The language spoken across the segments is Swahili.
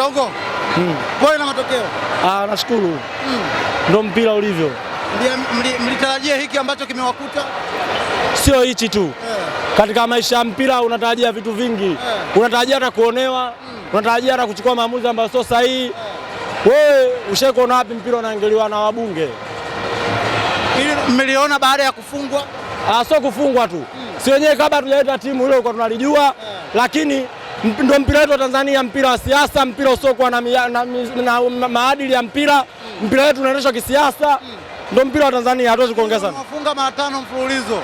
Kidogo. Mm. Bora na matokeo. Ah, nashukuru. Mm. Ndio mpira ulivyo. Mlitarajia hiki ambacho kimewakuta? Sio hichi tu. Yeah. Katika maisha ya mpira unatarajia vitu vingi. Yeah. Unatarajia hata kuonewa, mm. unatarajia hata kuchukua maamuzi ambayo sio sahihi. Yeah. Wewe ushakuona wapi mpira unaangaliwa na wabunge? ili mliona baada ya kufungwa? Ah, sio kufungwa tu. Mm. Si wenyewe kabla tujaleta timu hilo kwa tunalijua, yeah. lakini ndo mpira wetu wa Tanzania, mpira wa siasa, mpira usiokuwa na, na, na, na, na maadili ya mpira. Mpira wetu unaendeshwa kisiasa, ndo mpira wa Tanzania. Hatuwezi kuongeza kufunga mara tano mfululizo,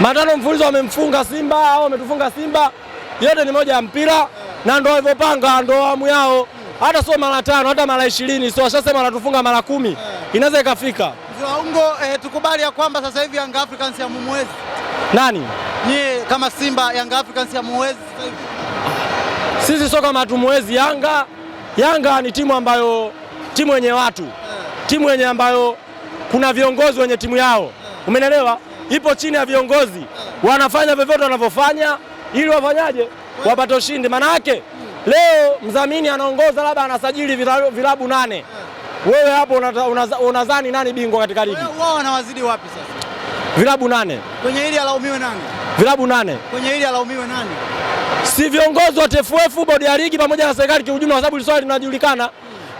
mara tano mfululizo. Wamemfunga Simba au wametufunga Simba, yote ni moja ya mpira na ndo walivyopanga, ndo awamu yao hata sio mara tano hata mara ishirini sio washasema wanatufunga mara kumi eh. inaweza ikafika Ungo, Eh, tukubali ya kwamba sasa hivi Young Africans ya mumwezi nani nyie kama Simba Young Africans ya mumwezi sasa hivi sisi soka matumwezi Yanga. Yanga ni timu ambayo timu yenye watu, timu yenye ambayo kuna viongozi wenye timu yao, umenelewa? Ipo chini ya viongozi, wanafanya vyovyote wanavyofanya ili wafanyaje, wapate ushindi. Maana yake leo mdhamini anaongoza, labda anasajili vilabu nane, wewe hapo unadhani nani bingwa katika ligi? Wao wanawazidi wapi sasa? Vilabu nane. Kwenye hili alaumiwe nani? Vilabu nane. Kwenye hili alaumiwe nani? Si viongozi wa TFF, bodi ya ligi pamoja na serikali kiujumla, kwa sababu swali linajulikana.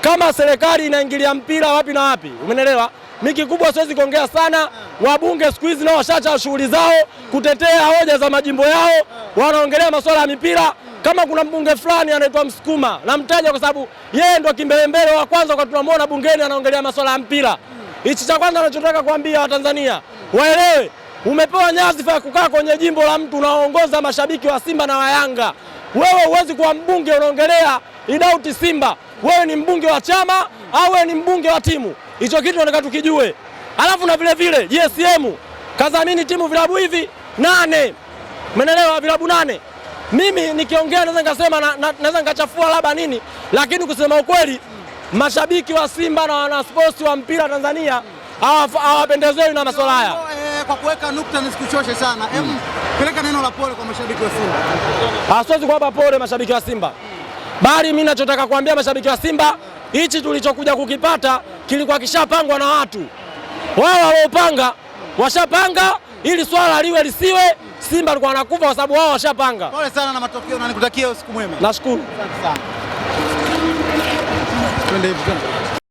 Kama serikali inaingilia mpira wapi na wapi, umenelewa? Mi kikubwa siwezi kuongea sana. Wabunge siku hizi nao washacha shughuli zao kutetea hoja za majimbo yao, wanaongelea masuala ya mipira. Kama kuna mbunge fulani anaitwa Msukuma, namtaja kwa sababu yeye ndo kimbelembele wa kwanza kwa tunamwona bungeni anaongelea masuala ya mpira. Hichi cha kwanza anachotaka kuambia Watanzania waelewe, umepewa nyadhifa ya kukaa kwenye jimbo la mtu, unaoongoza mashabiki wa Simba na wa Yanga. Wewe huwezi kuwa mbunge unaongelea idauti Simba. Wewe ni mbunge wa chama au wewe ni mbunge wa timu? Hicho kitu tunataka tukijue. Alafu na vile vile JSM kadhamini timu vilabu hivi nane, umeelewa? Vilabu nane. Mimi nikiongea naweza nikasema, naweza nikachafua labda nini, lakini kusema ukweli mashabiki wa Simba na wanaspoti wa mpira Tanzania hawapendezewi na masuala haya. Eh, kwa kuweka nukta nisikuchoshe sana, hebu hmm. peleka neno la pole kwa mashabiki wa Simba. Ah, siwezi kuwapa pole mashabiki wa Simba, bali mimi ninachotaka kuambia mashabiki wa Simba, hichi tulichokuja kukipata kilikuwa kishapangwa na watu wao waliopanga, washapanga ili swala liwe lisiwe. Simba alikuwa anakufa kwa sababu wao washapanga. Pole sana na matokeo na nikutakia usiku mwema. Nashukuru. Asante sana.